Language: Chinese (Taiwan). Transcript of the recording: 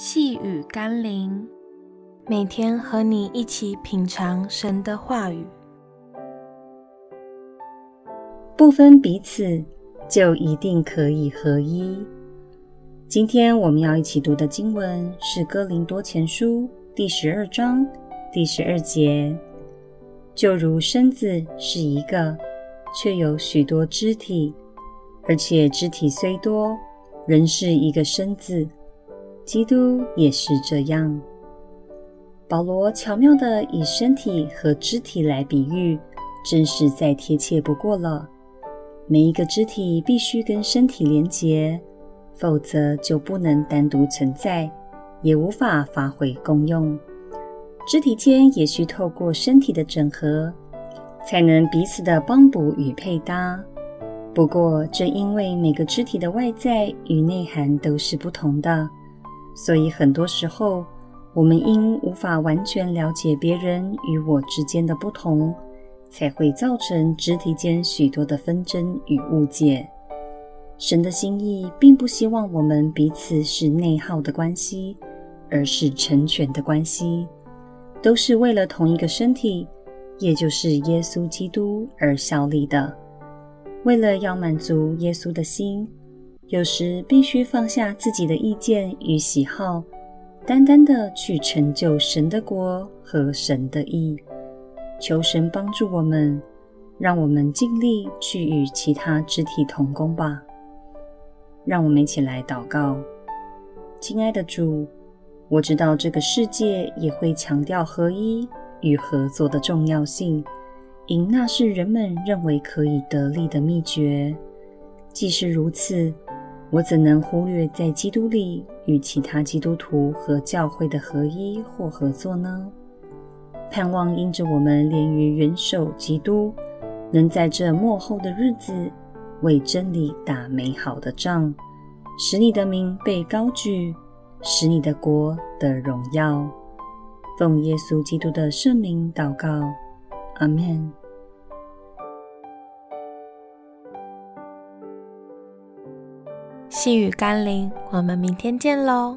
細語甘霖，每天和你一起品嘗神的話語，不分彼此，就一定可以合一。今天我們要一起讀的經文是《哥林多前書》第十二章第十二節：“就如身子是一個，卻有許多肢體，而且肢體雖多，仍是一個身子。”基督也是這樣。保羅巧妙地以身體和肢體來比喻，真是再貼切不過了。每一個肢體必須跟身體連結，否則就不能單獨存在，也無法發揮功用。肢體間也需透過身體的整合，才能彼此地幫補與配搭。不過，正因為每個肢體的外在與內涵都是不同的。所以，很多時候，我們因無法完全了解別人與我之間的不同，才會造成肢體間許多的紛爭與誤解。神的心意並不希望我們彼此是內耗的關係，而是成全的關係，都是為了同一個身體，也就是耶穌基督而效力的。為了要滿足耶穌的心。有時必須放下自己的意見與喜好，單單的去成就神的國和神的義。求神幫助我們，讓我們盡力去與其他肢體同工吧。讓我們一起來禱告，親愛的主，我知道這個世界也會強調合一與合作的重要性，因那是人們認為可以得利的秘訣。既是如此。我怎能忽略在基督裡與其他基督徒和教會的合一或合作呢？盼望因着我們連於元首基督，能在這末後的日子，為真理打美好的仗，使你的名被高舉，使你的國得榮耀。奉耶穌基督的聖名禱告，阿門。細語甘霖，我們明天見嘍。